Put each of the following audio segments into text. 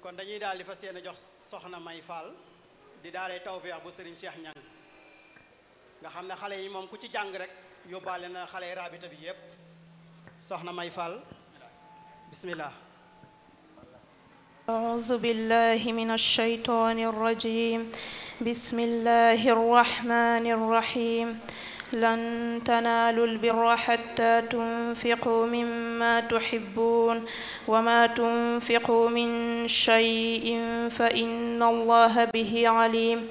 kon dañuy daal di fa fas yéene jox soxna May Fall di daaree tawféex bu Serigne Cheikh Niang nga xam ne xale yi moom ku ci jàng rek yóbbaale na xale yi rabita bi yépp soxna May Fall bismillah أعوذ بالله من الشيطان الرجيم بسم الله الرحمن الرحيم لن تنالوا البر حتى تنفقوا مما تحبون وما تنفقوا من شيء فإن الله به عليم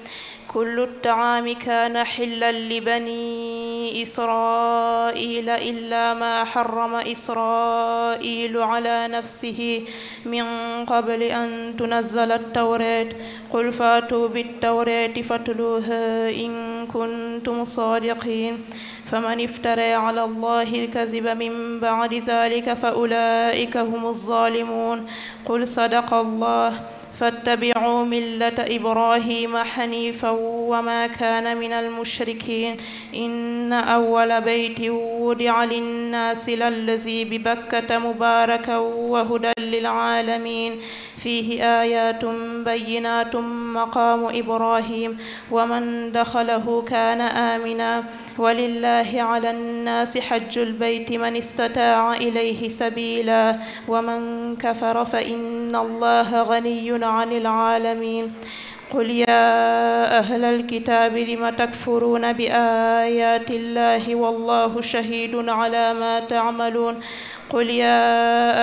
كل الطعام كان حلا لبني بني إسرائيل إلا ما حرم إسرائيل على نفسه من قبل أن تنزل التوراة قل فاتوا بالتوراة فاتلوها إن كنتم صادقين فمن افترى على الله الكذب من بعد ذلك فأولئك هم الظالمون قل صدق الله فاتبعوا ملة إبراهيم حنيفا وما كان من المشركين إن أول بيت وضع للناس للذي ببكة مباركا وهدى للعالمين فيه آيات بينات مقام إبراهيم ومن دخله كان آمنا ولله على الناس حج البيت من استطاع إليه سبيلا ومن كفر فإن الله غني عن العالمين قل يا أهل الكتاب لم تكفرون بآيات الله والله شهيد على ما تعملون قل يا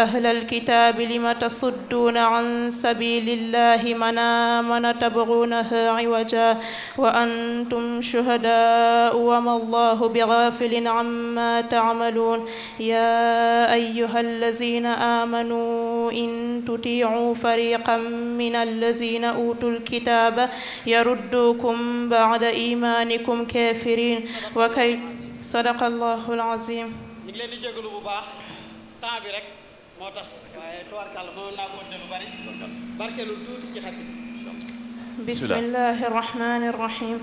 أهل الكتاب لم تصدون عن سبيل الله من آمن تبغونها عوجا وأنتم شهداء وما الله بغافل عما تعملون يا أيها الذين آمنوا إن تطيعوا فريقا من الذين أوتوا الكتاب يردوكم بعد إيمانكم كافرين وكي صدق الله العظيم ñu ngi leen di jégalu bu baax temps bi rek moo tax waaye tubarkàlla mënoon naa ko lu bari barkeelu tuuti ci xasit bismillahi rahmani rahim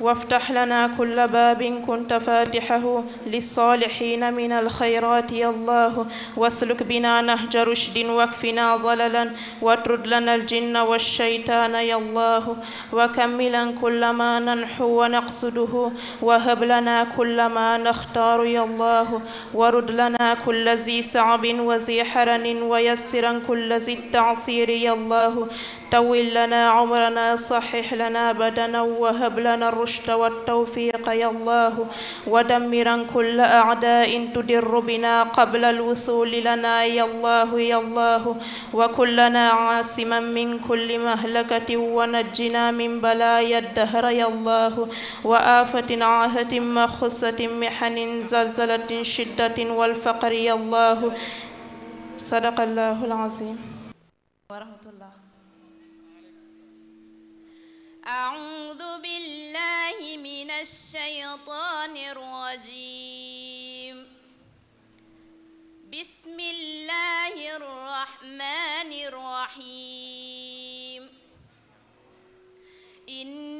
وافتح لنا كل باب كنت فاتحه للصالحين من الخيرات يا الله واسلك بنا نهج رشد واكفنا ضللا واطرد لنا الجن والشيطان يا الله وكملا كل ما ننحو ونقصده وهب لنا كل ما نختار يا الله ورد لنا كل ذي صعب وذي حرن ويسرا كل ذي التعسير يا الله طول لنا عمرنا صحح لنا بدنا وهب لنا الرشد والتوفيق يا الله ودمرا كل أعداء تدر بنا قبل الوصول لنا يا الله يا الله وكلنا عاصما من كل مهلكة ونجنا من بلايا الدهر يا الله وآفة عاهة مخصة محن زلزلة شدة والفقر يا الله صدق الله العظيم ورحمة الله أعوذ بالله من الشيطان الرجيم بسم الله الرحمن الرحيم إن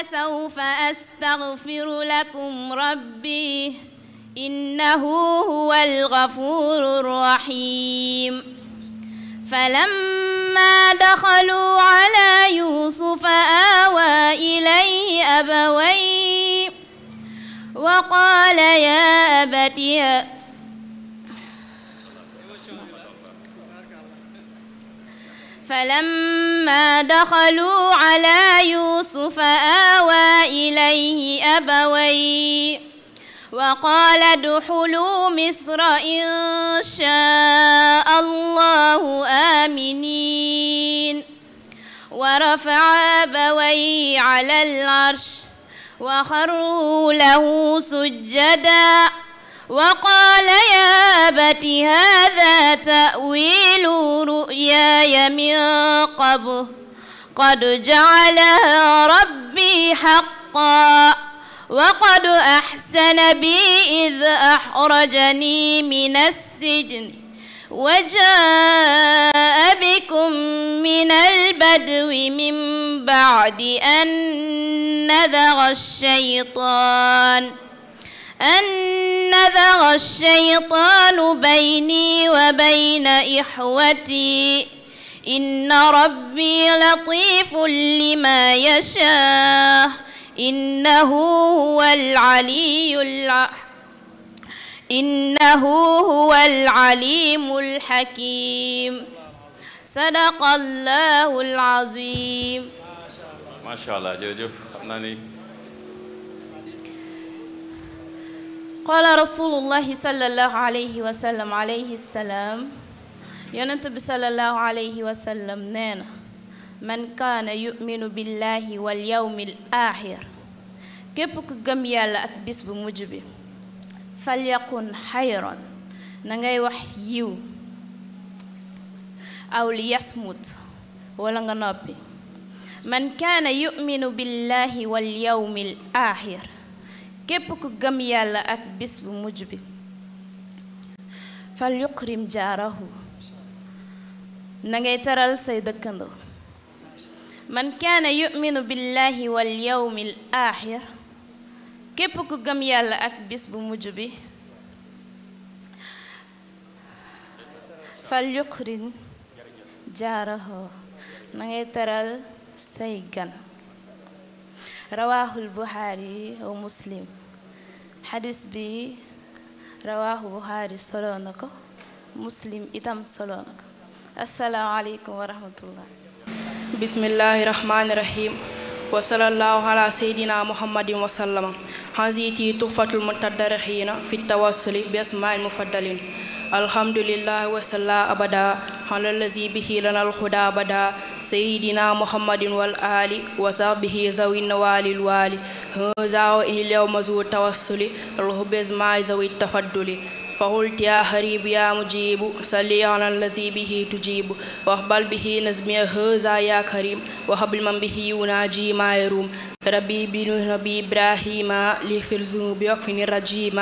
ولسوف أستغفر لكم ربي إنه هو الغفور الرحيم فلما دخلوا على يوسف آوى إليه أبويه وقال يا أبت فلما دخلوا على يوسف آوى إليه أبوي وقال ادخلوا مصر إن شاء الله آمنين ورفع أبوي على العرش وخروا له سجداً وقال يا أبت هذا تأويل رؤياي من قبل قد جعلها ربي حقا وقد أحسن بي إذ أخرجني من السجن وجاء بكم من البدو من بعد أن نذر الشيطان أن نزغ الشيطان بيني وبين إخوتي إن ربي لطيف لما يشاء إنه هو العلي الأحسن إنه هو العليم الحكيم صدق الله العظيم ما شاء الله jërëjëf xam naa ni qaala rasulullahi sallallahu alayhi wa sallam alayhi salaam yonent bi sallallahu alayhi wa sallam nee na man kaana yuminu billahi wal yawmil aaxir képp ku gëm yàlla ak bis bu mujj bi falyakun xayran na ngay wax yiw aw li yasmut wala nga noppi man kaana yuminu billahi wal yawmil aaxir képp ku gëm yàlla ak bis bu mujj bi fal yuqrim jaarahu na taral say képp ku gëm yàlla ak bis bu mujj bi fal yuqrim ngay taral say gan rawaahul buxaari wa muslim xadis bi rawaahu buxaari soloo na ko muslim itam soloo na ko asalaamaaleykum wa rahmatullah bismillahi rahmaani rahim wa salallahu ala seydina muhammadin wa sallama hanziti tuxfatul mutadaraxiina fi tawassuli bi asmail mufaddalin alhamdulillahi wa salla abada xalalazi bihi lana alxuda abada seydina muhammadin wal aali wa sahbihi zawin nawaalil waali هذا وإلى مزو التوسل الحب ما ذوي التفضل فقلت يا حريب يا مجيب صلي على الذي به تجيب واقبل به نزمي هذا يا كريم وهب لمن به يناجي ما يروم ربي بن نبي إبراهيم لغفر ذنوبي واكفني الرجيم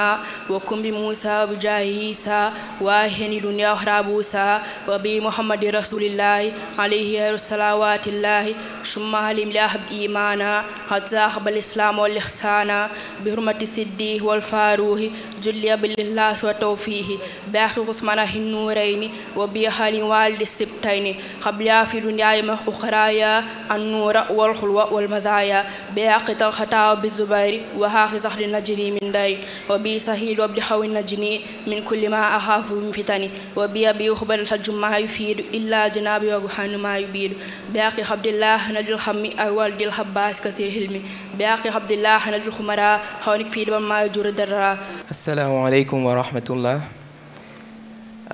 وكن بموسى بجاه عيسى واهني دنيا أخرى بوسى وبي محمد رسول الله عليه صلوات الله ثم علم لأحب إيمانا حتى أحب الإسلام والإحسان بحرمة الصديق والفاروق جلي بالإخلاص وتوفيه بأخي عثمان النورين وبأهل والد السبتين قبل في دنيا أخرى النور والخلوة والمزايا بحق تغطاء بالزبير وحاق زهر نجري من داري وبي سهيل وابد حوي نجني من كل ما أخاف من فتني وبي أبي أخبر الحج ما يفيد إلا جنابي وروحان ما يبيد بحق عبد الله نجل خمي أول دي الحباس كثير حلمي بحق عبد الله نجل خمرا حونك في ما يجور درا السلام عليكم ورحمة الله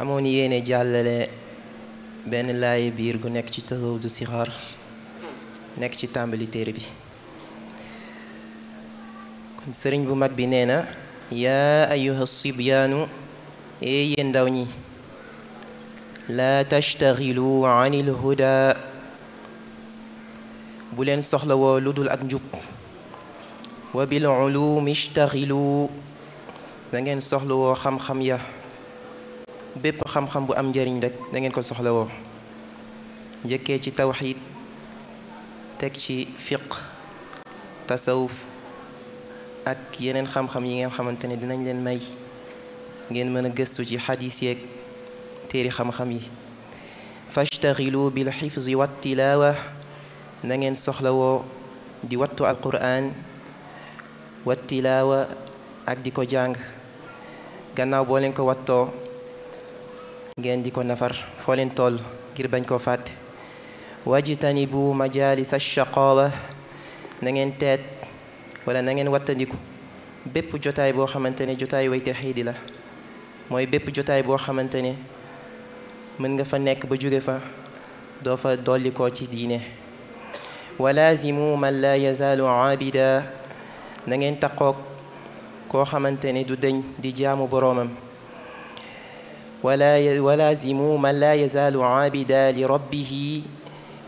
amoon yéene jàllale benn laaye biir gu nekk ci Tazawudu Sixaar nekk ci tàmbali téere bi sëriñ bu mag bi nee na yaa ayuha sibyaanu ee ndaw ñi laa tashtaxilu an ilhuda bu leen soxlawoo lu dul ak njub wa bil ulumi ishtaxilu da ngeen soxlawoo xam-xam ya bépp xam-xam bu am njëriñ rek da ngeen ko soxlawoo njëkkee ci tawxid teg ci fiq tasawuf ak yeneen xam-xam yi ngeen xamante ne dinañ leen may ngeen mën a gëstu ci xadis yeeg téeri xam-xam yi fashtaxilu bil xifzi wa tilaawa na soxlawoo di wattu alquran wa tilaawa ak di ko jàng gannaaw boo leen ko wattoo ngeen di ko nafar foo leen toll ngir bañ koo fàtte wajtanibu majalis ashaqaawa na ngeen teet walla na ngeen wattandiku bépp jotaay boo xamante ne jotaay way tawxiid la mooy bépp jotaay boo xamante ne mën nga fa nekk ba jóge fa doo fa dolli ko ci diine wa laazimu man laa yazaalu aabida na ngeen taqoog koo xamante ne du di jaamu boroomam wala wa laazimu man laa yazaalu aabida li rabbihi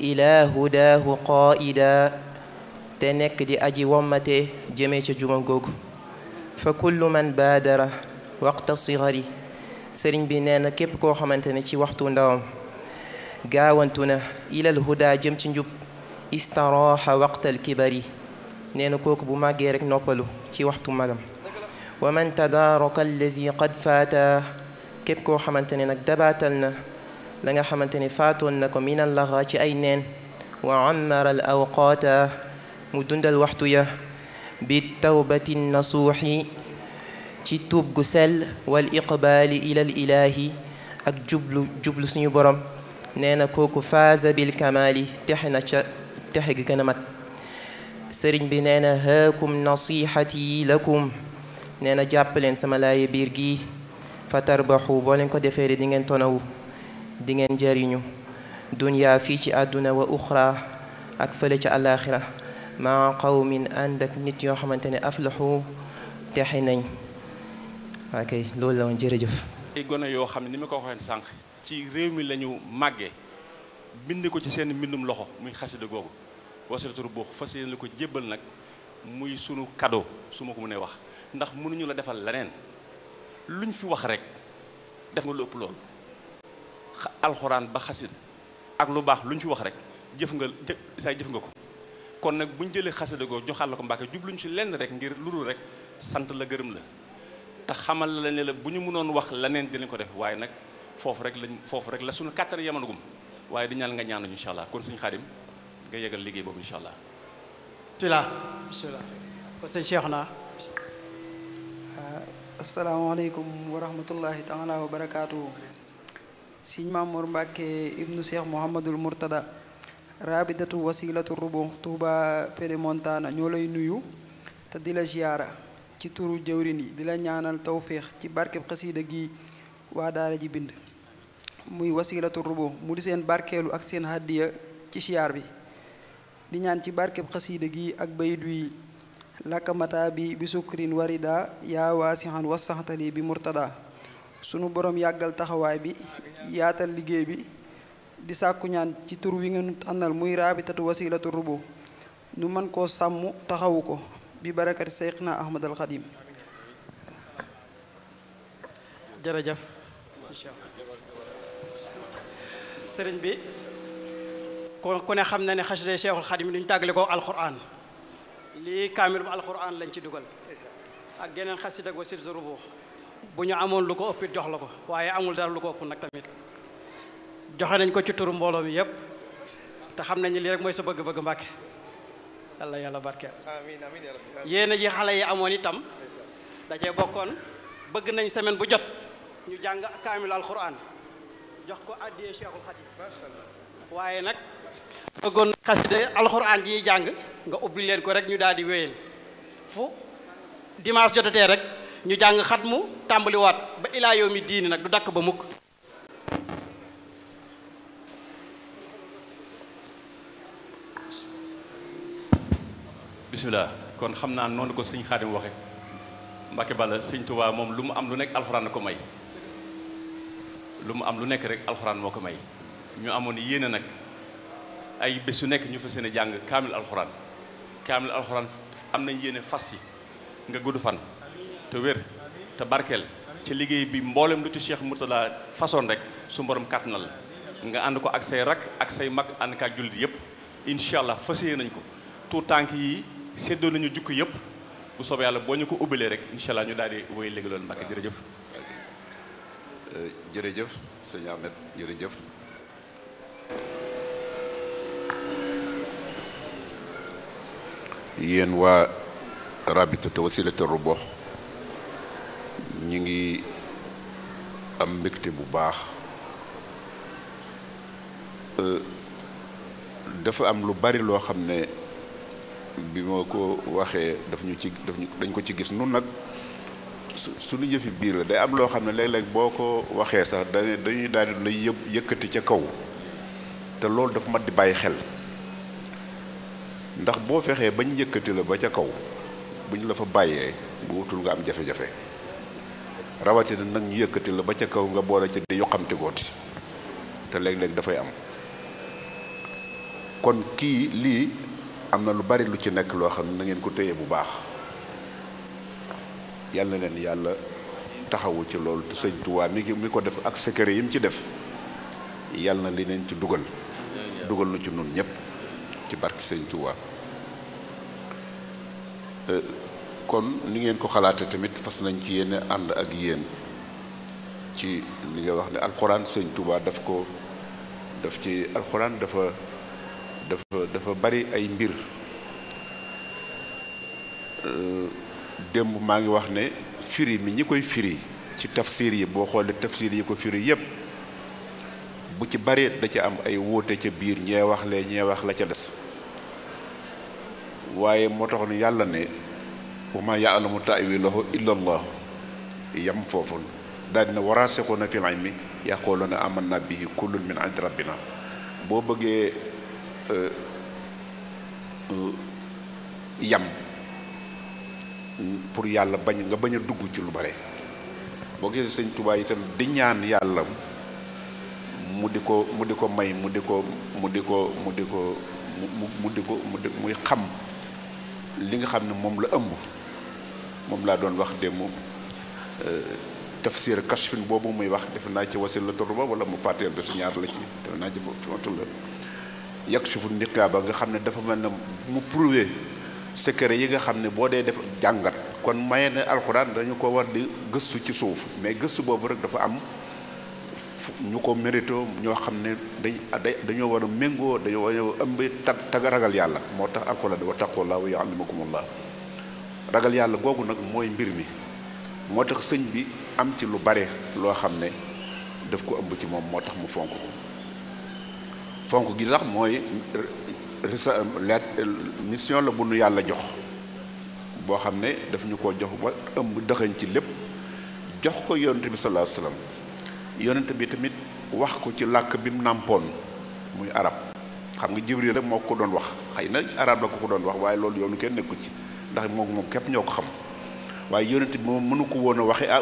ilaa hudaahu qaa'ida te nekk di aji wommatee jëmee ca juma googu fa kullu man baadara waqta sigari sëriñ bi nee na képp koo xamante ne ci waxtu ndawam gaawantu na ilal huda jëm ci njub istaroxa waqtal kibari nee na kooku bu màggee rek noppalu ci waxtu magam wa man tadaaraka allazi qad faata képp koo xamante ne nag dabaatal na la nga xamante ne faatoon na ko minal laxa ci ay neen wa ammara al awqaata mu dundal waxtu ya bi tawbati nasuuxi ci tuub gu sell wal iqbaali ilal ilaahi ak jublu suñu borom nee na kooku faaza bil kamaali texe na ca texe gi gën a mat sëriñ bi nee na haakum nasiixati lakum nee na jàpp sama laaye biir gi fatarbaxu boo leen ko defee dingeen ngeen dingeen di ngeen jariñu duniya fii ci àdduna wa uxra ak fële ca àllaaxira maa qawmin ànd ak nit yoo xamante ne aflaxu texe nañ ok loolu la woon jërëjëf ay gone yoo xam ne ni ma ko waxee sànq ci réew mi la ñu màggee bind ko ci seen mbindum loxo muy xasida googu wasilatu boox fas yéene la ko jébbal nag muy sunu kado su ma ko mënee wax ndax mënuñu la defal leneen luñ fi wax rek def nga lu ëpp loolu alxuraan ba xasida ak lu baax luñ fi wax rek jëf nga say jëf nga ko kon nag bu ñu jëlee xasida googu joxal la ko Mbàkke jubluñ ci lenn rek ngir lu dul rek sant la gërëm la te xamal la ne la bu ñu mënoon wax leneen dinañ ko def waaye nag foofu rek lañ foofu rek la suñu kàttan yamanagum waaye di ñaan nga ñaanu incha allah kon suñu xaadim nga yegal liggéey boobu incha allah. bismillah bismillah ko sëñ Cheikh naa. Ah, asalaamaaleykum wa rahmatullahi taala wa barakaatu. sëñ Mamour Mbacke ibnu Cheikh Mouhamadul Mourtada. raabidatu wasilatu rubu Touba Pedemontana ñoo lay nuyu te di la ziyaara ci turu jëwrin yi di la ñaanal tawféex ci barkeb xasiida gi waa daara ji bind muy wasilatu rubu mu di seen barkeelu ak seen hàddiya ci ziyaar bi di ñaan ci barkeb xasiida gi ak bayit wi lakkamata bi bi sukrin warida yaa waasixan wasaxtali bi murtada sunu boroom yàggal taxawaay bi yaatal liggéey bi di sàkku ñaan ci tur wi ngeen tànnal muy raabitatu wasilatu rubu nu mën koo sàmm taxawu ko bi barakati seyxna ahmad al xadim jërëjëf sëriñ bi kon ku xam na ne xasida Cheikhul Xadim duñu tàggale ko alquran lii kaamil bu alquran lañ ci dugal ak geneen xasida ak wasil rubu bu ñu amoon lu ko ëppit jox la ko waaye amul dara lu ko ëpp nag tamit joxe nañ ko ci turu mbooloo mi yépp te xam nañu lii rek mooy sa bëgg-bëgg Mbàkke yàlla yàlla barkeel yéen a ji xale yi amoon itam da cee bokkoon bëgg nañ semaine bu jot ñu jàng kaamil alxuraan ko addiyee waaye nag bëggoon xaside alxuraan ji jàng nga ubbi leen ko rek ñu daal di wéyal fu dimanche jotatee rek ñu jàng xat mu tàmbaliwaat ba ilaa yow mi diini nag du dakk ba mukk bisimilah kon xam naa noonu ko sëñ Xaadim waxe Mbàkke Balla sëñ Tuubaa moom lu mu am lu nekk alxuraan ko may lu mu am lu nekk rek alxuraan moo ko may ñu amoon yéene nag ay bés su nekk ñu fa yéene jàng kaamil alxuraan kaamil alxuraan am nañ yéene fas yi nga gudd fan te wér te barkeel ci liggéey bi mboolem lu ci Cheikh Mourtala façon rek su mborom kàttanal la nga ànd ko ak say rak ak say mag ànd kaak jullit yëpp incha allah fas yéene nañ ko tout tànk yi séddoo nañu jukk yëpp bu soobee yàlla boo ñu ko ubbilee rek incha ñu daal di wéy léegi loolu Mbàkke jërëjëf euh, jërëjëf sëñ Ahmed jërëjëf yéen waa rabitatu wasilatu rubox ñi ngi am mbégte bu baax euh, dafa am lu bari loo xam ne bi ma ko waxee daf ñu ci daf ñu dañ ko ci gis nun nag su suñu yëfi biir la day am loo xam ne léeg-léeg boo ko waxee sax dañuy daal di lay yë yëkkati ca kaw te loolu dafa mat di bàyyi xel ndax boo fexee bañ yëkkati la ba ca kaw bu ñu la fa bàyyee bu wutul nga am jafe-jafe rawatina nag ñu yëkkati la ba ca kaw nga boole ci di yoqamti gooti te léeg-léeg dafay am kon kii lii am na lu bari lu ci nekk loo xam ne na ngeen ko téye bu baax yal na leen yàlla taxawu ci loolu te sëñ Tuubaa mi mi ko def ak secret yi mu ci def yal na li leen ci dugal dugal na ci nun ñëpp ci barki sëñ Tuubaa euh, kon ni ngeen ko xalaate tamit fas nañ ci yéen ànd ak yéen ci li nga wax ne alxuraan sëñ Tuubaa daf ko def ci alxuraan dafa dafa dafa bari ay mbir euh, démb maa ngi wax ne firi mi ñi koy firi ci tafsir yi boo xoolee tafsir yi ko firi yépp bu ci bari da ci am ay wuute ca biir ñee wax wax la ca des waaye moo tax yàlla ne wa maa yaalamu taawilahu illa allah yam foofu daal dina waraasixuuna fil ilmi yaquuluuna amanna bihi kullun min indi rabbina boo bëggee Euh, yam pour yàlla bañ nga bañ dugg ci lu bare boo gisee sëñ Tuubaa itam di ñaan yàlla mu di ko mu di ko may mu di ko mu di ko mu di ko mu di ko mu di muy xam li nga xam ne moom la ëmb moom laa doon wax démb euh, tafsir kashfin boobu muy wax defe naa ci wasil la tur ba wala mu parteer de ñaar la ci defe naa ci foofu la yakshifu niqaaba nga xam ne dafa mel ne mu prouvé secret yi nga xam ne boo dee def jàngat kon maye ne alxuraan dañu ko war di gëstu ci suuf mais gëstu boobu rek dafa am ñu ko mérito ñoo xam ne dañ dañoo war a méngoo dañoo war a ëmb tag ragal yàlla moo tax alxuraan wa taqullaaha wa yuallimukumullah ragal yàlla googu nag mooy mbir mi moo tax sëñ bi am ci lu bare loo xam ne daf ko ëmb ci moom moo tax mu fonk ko fonk gi sax mooy mission la bu nu yàlla jox boo xam ne daf ñu ko jox ba ëmb dëxañ ci lépp jox ko yonent bi sallallahu alayhi wasallam bi tamit wax ko ci làkk bi mu nàmpoon muy arab xam nga jibril rek moo ko doon wax xëy na arab la ko ko doon wax waaye loolu yoonu kenn nekku ci ndax moom moom képp ñoo ko xam waaye yonent bi moom mënu ko woon a waxe ah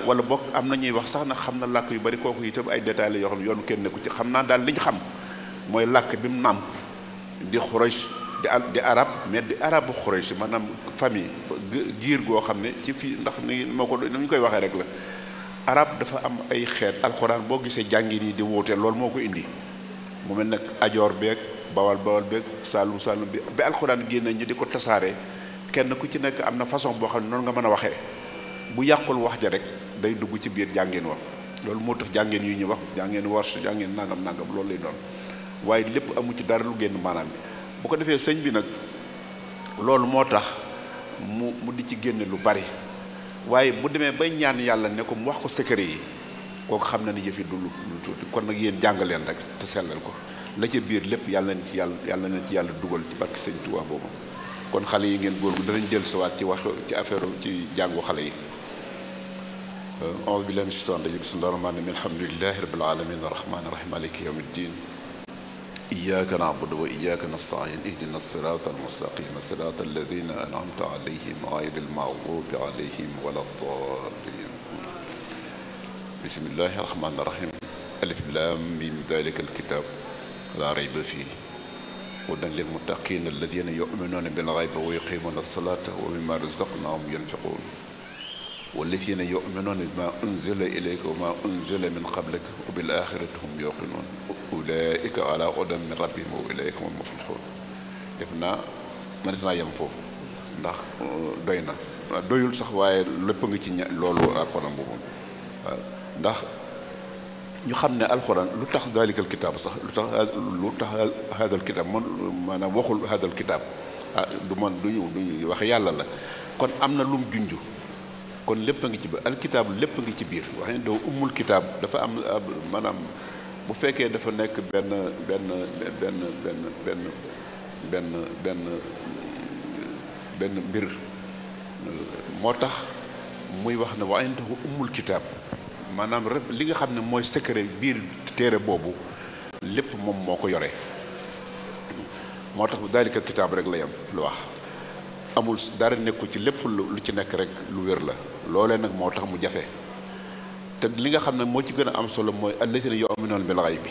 am na ñuy wax sax na xam na làkk yu bari kooku itam ay détails la yoo xam ne yoonu kenn nekku ci xam naa daal liñ xam mooy làkk bi mu nàmp di xuraysh di al di arab mais di arabu xuraysh maanaam famille giir goo xam ne ci fii ndax ni moo ko ni koy waxee rek la arab dafa am ay xeet alxuraan boo gisee jàngin yi di wuute loolu moo ko indi mu mel nag ajoor beeg bawal bawal beeg saalum saalum bi ba alxuraan génne ñi di ko tasaare kenn ku ci nekk am na façon boo xam ne noonu nga mën a waxee bu yàqul wax ja rek day dugg ci biir jàngin wa loolu moo tax jàngeen yu ñu wax jàngeen warsh jàngeen nangam nangam loolu lay doon waaye lépp amu ci dara lu génn maanaam bu ko defee sëñ bi nag loolu moo tax mu mu di ci génne lu bari waaye bu demee bay ñaan yàlla ne ko mu wax ko secret yi kooku xam na ni yëf yi du lu tuuti kon nag yéen jàng leen rek te sellal ko la ci biir lépp yàlla na ci yàlla yàlla nañ ci yàlla dugal ci barke sëñ Tuubaa boobu kon xale yi ngeen góorgu danañ jël sawaat ci wax ci affaire ci jàngu xale yi أعوذ بالله من الشيطان الرجيم بسم الله الرحمن الرحيم الحمد لله رب العالمين الرحمن إياك نعبد وإياك نستعين اهدنا الصراط المستقيم صراط الذين أنعمت عليهم غير المغضوب عليهم ولا الضالين بسم الله الرحمن الرحيم ألف لام من ذلك الكتاب لا ريب فيه هدى للمتقين الذين يؤمنون بالغيب ويقيمون الصلاة ومما رزقناهم ينفقون والذين يؤمنون بما أنزل إليك وما أنزل من قبلك وبالآخرة هم يوقنون أولئك على هدى من ربهم وأولئك هم المفلحون def naa mënees naa yem foofu ndax euh, doy na doyul sax waaye lépp nga ci ña loolu alxuraan boobu ndax ñu xam ne alxuraan lu tax daalikal kitaab sax lu tax lu tax haadal kitaab man maanaam waxul haadal kitaab ah du man du ñu du wax yàlla la kon am na lum junj. kon lépp a ngi ci biir alkitaabu lépp a ngi ci biir wax ne doo kitaab dafa am maanaam bu fekkee dafa nekk benn benn benn benn benn benn benn benn mbir moo tax muy wax ne wa indahu ummul kitaab rek li nga xam ne mooy secret biir téere boobu lépp moom moo ko yore moo tax bu daalika kitaab rek la yam lu wax amul dara nekku ci lépp lu ci nekk rek lu wér la loolee nag moo tax mu jafe te li nga xam ne moo ci gën a am solo mooy allazina yu'minuuna bil ghaybi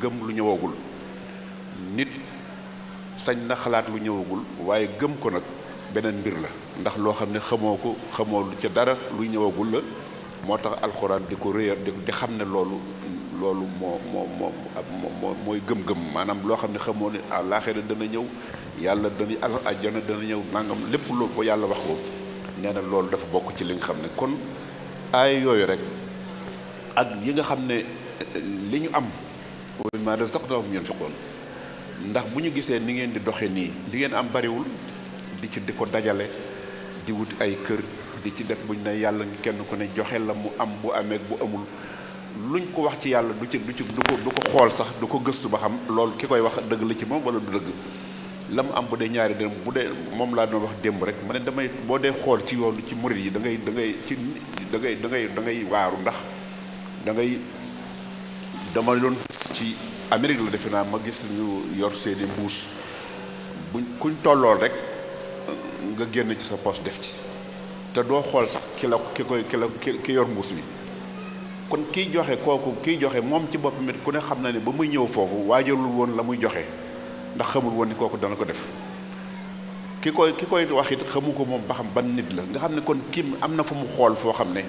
gëm lu ñëwagul nit sañ na xalaat lu ñëwagul waaye gëm ko nag beneen mbir la ndax loo xam ne xamoo ko xamoo ca dara luy ñëwagul la moo tax alxuraan di ko réyal di xam ne loolu loolu moo moo moo mooy gëm-gëm maanaam loo xam ne xamoo ne àllaaxira dana ñëw yàlla dana àjjana dana ñëw nangam lépp loolu ko yàlla wax ko nee na loolu dafa bokk ci li nga xam ne kon aay yooyu rek ak yi nga xam ne li ñu am ma ngeen yunfiqun ndax bu ñu gisee ni ngeen di doxe nii li ngeen am bariwul di ci di ko dajale di wuti ay kër di ci def buñ ne yàlla ngi kenn ku ne joxe la mu am bu amee bu amul luñ ko wax ci yàlla du ci du ci du ko du ko xool sax du ko gëstu ba xam loolu ki koy wax dëgg la ci moom wala du dëgg la mu am bu dee ñaari dërëm bu dee moom laa doon wax démb rek ma ne damay boo dee xool ci yoonu ci murit yi da ngay da ngay ci da ngay da ngay waaru ndax da ngay dama doon ci Amérique la defe naa ma gis ñu yor seeni mbuus buñ kuñ tollool rek nga génn ci sa poche def ci te doo xool sax ki la ki koy ki la ki yor mbuus bi kon kiy joxe kooku kiy joxe moom ci boppam it ku ne xam na ne ba muy ñëw foofu waajalul woon la muy joxe ndax xamul woon ni kooku dana ko def ki koy ki koy wax it xamu ko moom ba xam ban nit la nga xam ne kon kii am na fa mu xool foo xam ne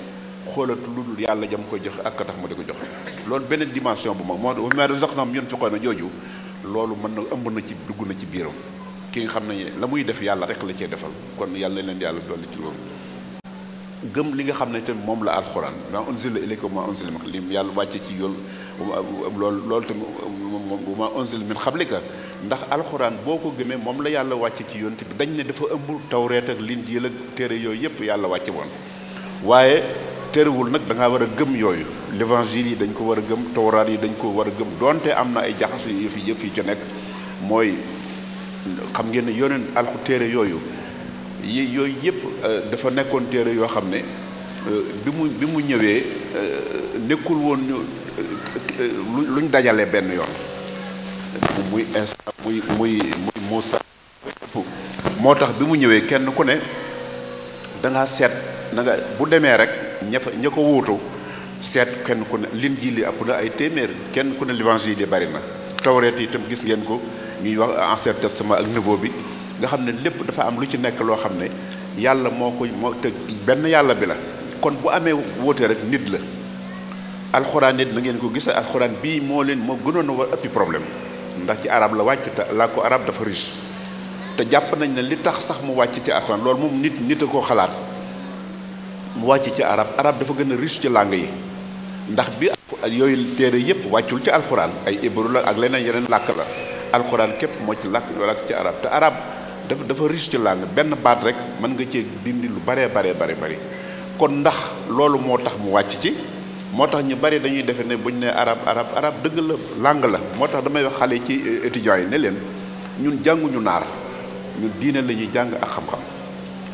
xoolatu lu dul yàlla jam koy joxe ak ka tax mu di ko joxe loolu beneen dimension bu mag moo tax ma razaqnahum yunfiqoona jooju loolu mën na ëmb na ci dugg na ci biiram ki nga xam ne la muy def yàlla rek la cee defal kon yàlla na leen yàlla dolli ci loolu gëm li nga xam ne tamit moom la alxuraan ma unzila ilayka ma unzila min li yàlla wàcce ci yool loolu loolu tamit ma xam min xablika ndax alxuraan boo ko gëmee moom la yàlla wàcc ci yonent bi dañ ne dafa ëmb tawreet ak linjiil ak téere yooyu yëpp yàlla wàcce woon waaye téerewul nag da ngaa war a gëm yooyu l'évangile yi dañ ko war a gëm tawraat yi dañ ko war a gëm donte am na ay jaxas yu fi yëpp yi ci nekk mooy xam ngeen ne yoneen alxu téere yooyu yi yooyu yëpp euh, dafa nekkoon téere yoo xam ne euh, bi mu bi mu ñëwee euh, nekkul woon ñu luñ dajale benn yoon muy instant muy muy muy Moussa moo tax bi mu ñëwee kenn ku ne da seet na bu demee rek ña fa ña ko wuutu seet kenn ku ne lim jii li ëpp na ay téeméer kenn ku ne l'évangile yi bari na tawreet yi itam gis ngeen ko ñuy wax ancien testament ak nouveau bi nga xam ne lépp dafa am lu ci nekk loo xam ne yàlla moo ko moo te benn yàlla bi la kon bu amee wóote rek nit la alxuraan it na ngeen ko gis alxuraan bii moo leen moo gënoon a war ëppi problème ndax ci arab la wàcc te làkku arab dafa riche te jàpp nañ ne li tax sax mu wàcc ci alxuraan loolu moom nit koo xalaat mu wàcc ci arab arab dafa gën a riche ci làng yi ndax bi yooyu téere yépp wàccul ci alxuraan ay hébreu la ak leneen yeneen làkk la alxuraan képp moo ci làkk làkk ci arab te arab dafa dafa riche ci làng benn baat rek mën nga cee dindi lu baree baree bare bëri kon ndax loolu moo tax mu wàcc ci moo tax ñu bari dañuy defe ne bu ne arab arab arab dëgg la làng la moo tax damay wax xale ci euh, étudiants yi ne leen ñun jànguñu naar ñun diine la jàng ak xam-xam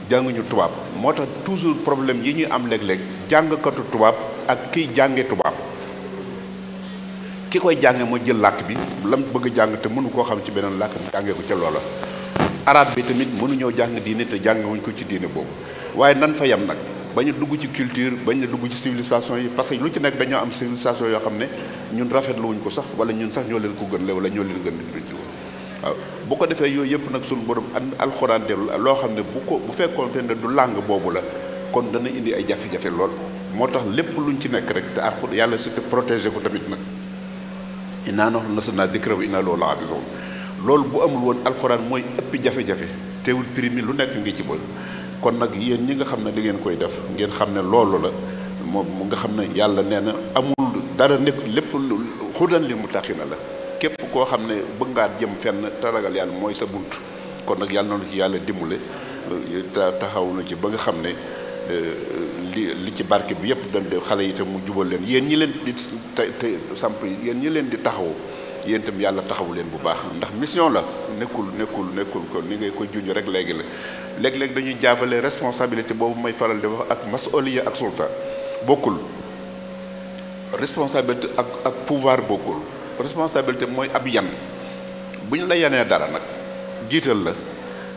jànguñu tubaab moo tax toujours problème yi ñuy am léeg-léeg jàngkatu tubaab ak kiy jànge tubaab ki koy jànge moo jël làkk bi lam bëgg jàng te mënu koo xam ci beneen làkk bi jàngee ko ca loola arab bi tamit mënuñoo jàng diine te jàngewuñ ko ci diine boobu waaye nan fa yem nag bañ a dugg ci culture bañ a dugg ci civilisation yi parce que lu ci nekk dañoo am civilisation yoo xam ne ñun rafetlu wuñ ko sax wala ñun sax ñoo leen ko gën le wala ñoo leen gën di ci waaw bu ko defee yooyu yëpp nag suñu borom alxuraan loo xam ne bu ko bu fekkoon ne du làng boobu la kon dana indi ay jafe-jafe lool moo tax lépp luñ ci nekk rek te alxuraan yàlla si te protégé ko tamit nag inaa naxlu na sa naa dikra wa inaa loolu loolu bu amul woon alxuraan mooy ëpp jafe-jafe teewul prix mi lu nekk ngi ci boy kon nag yéen ñi nga xam ne li ngeen koy def ngeen xam ne loolu la moom mu nga xam ne yàlla nee na amul dara nekk lépp xudan li mu taxi na la képp koo xam ne bëgg ngaa jëm fenn te ragal mooy sa bunt kon nag yàlla na ci yàlla dimbale taxaw ci ba nga xam ne eh, li li ci barke bi yëpp dañ de xale yi te mu jubal leen yéen ñi leen di te te samp yéen ñi leen di taxawu yéen itam yàlla taxawu leen bu baax ndax mission la nekkul nekkul nekkul ko ni ngay ko junj rek léegi la léeg-léeg dañuy jaabale responsabilité boobu mooy faral di wax ak masoliya ak sulta bokkul responsabilité ak ak pouvoir bokkul responsabilité mooy ab yan bu ñu la yenee dara nag jiital la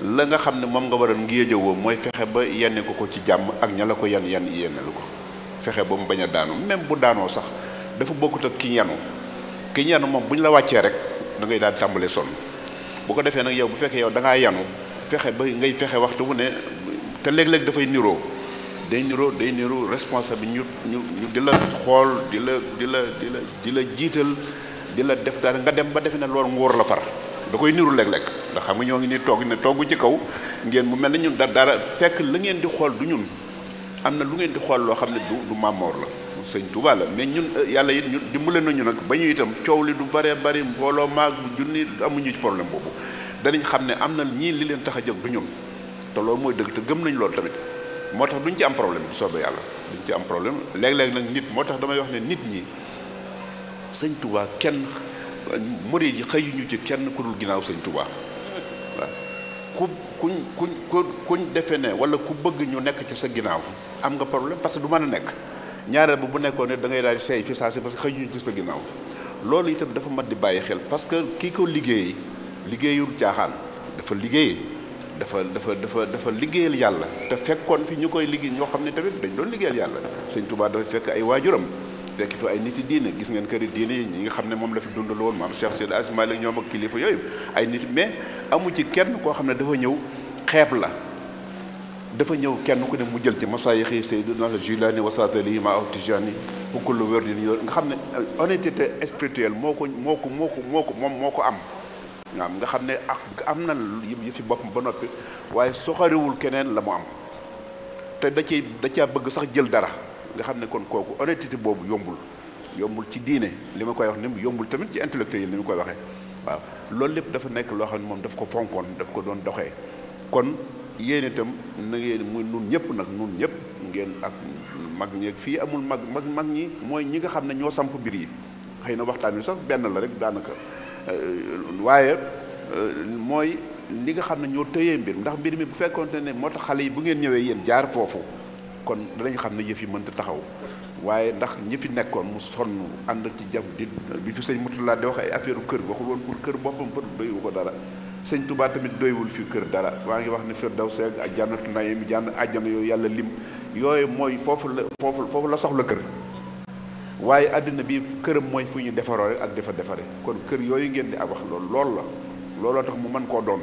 la nga xam ne moom nga waroon ngi yëjëwoo mooy fexe ba yenni ko ko ci jàmm ak ña la ko yenn yan lu ko fexe ba mu bañ a daanu même bu daanoo sax dafa bokkut ak ki yanu ki yanu moom bu ñu la wàccee rek da ngay daal tàmbalee sonn bu ko defee nag yow bu fekkee yow da ngaa yanu pexe ba ngay pexe waxtu wu ne te léeg-léeg dafay niroo day niroo day niroo responsable ñu ñu ñu di la xool di la di la di la di la jiital di la def daal nga dem ba defe ne loolu nguur la far da koy niru léeg-léeg ndax xam nga ñoo ngi ne toog ne toogu ci kaw ngeen mu mel ne ñun dara fekk la ngeen di xool du ñun am na lu ngeen di xool loo xam ne du maamoor Mamor la sëñ Touba la mais ñun euh, yàlla it ñu dimbale nañu nag ba ñu itam coow li du bare bari mbooloo maag junni amuñu ci problème boobu danañ xam ne am na ñii li leen tax a jóg du ñoom te loolu mooy dëgg te gëm nañ loolu tamit moo tax duñ ci am problème bu soobee yàlla duñ ci am problème léeg-léeg nag nit moo tax damay wax ne nit ñi sëñ Touba kenn murid yi xëyuñu ci kenn ku dul ginnaaw sëñ Touba waaw ku kuñ kuñ ku kuñ defe ne wala ku bëgg ñu nekk ci sa ginnaaw am nga problème parce que du mën a nekk ñaareel ba bu nekkoon ne dangay ngay daal di seey fi saa si parce que xëyuñu ñu sa ginnaaw loolu itam dafa mat di bàyyi xel parce que kii ko liggéey. liggéeyul caaxaan dafa liggéey dafa dafa dafa dafa liggéeyal yàlla te fekkoon fi ñu koy liggéey ñoo xam ne tamit dañ doon liggéeyal yàlla sëñ Tuubaa dafa fekk ay waajuram fekk fi ay nit yi diine gis ngeen këri diine yi ñi nga xam ne moom la fi dundal woon maam Cheikh Seydi Aji Maalik ñoom ak kilifa yooyu ay nit mais amu ci kenn koo xam ne dafa ñëw xeeb la dafa ñëw kenn ku ne mu jël ci masayixi Seydina Jilaani wasatali ma aw Tijaani bu kullu wér din nga xam ne honnêteté spirituelle moo ko moo ko moom moo ko am waaw nga xam ne ak am na yi fi boppam ba noppi waaye soxariwul keneen la mu am te da ci da caa bëgg sax jël dara nga xam ne kon kooku honnêteté boobu yombul yombul ci diine li ma koy wax ni mu yombul tamit ci intellectuel yi ni ma koy waxee waaw loolu lépp dafa nekk loo xam ne moom daf ko fonkoon daf ko doon doxee kon yéen itam na ngeen muy nun ñëpp nag nun ñëpp ngeen ak mag ñeeg fii amul mag mag mag ñi mooy ñi nga xam ne ñoo samp mbir yi xëy na waxtaan wi sax benn la rek daanaka Euh, waaye euh, mooy li nga xam ne ñoo tëyee mbir ndax mbir mi bu fekkonte ne moo tax xale yi bu ngeen ñëwee yéen jaar foofu kon danañ xam ne yëf yi mënta taxaw waaye ndax ñi fi nekkoon mu sonn ànd ci jaf di bi fi sëñ Mutula di wax ay affaire kër waxul woon pour kër boppam pour doywu ko dara sëñ Touba tamit doywul fi kër dara waa ngi wax ne firdaws ak jannatu naïm jànn àjjana yooyu yàlla lim yooyu mooy foofu la foofu foofu la soxla kër waaye àddina bi këram mooy fu ñu defaroo rek ak defar defare kon kër yooyu ngeen di ak wax loolu loolu la looloo tax mu mën koo doon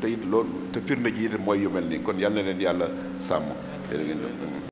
te it loolu te firnde ji it mooy yu mel nii kon yal na leen yàlla sàmm.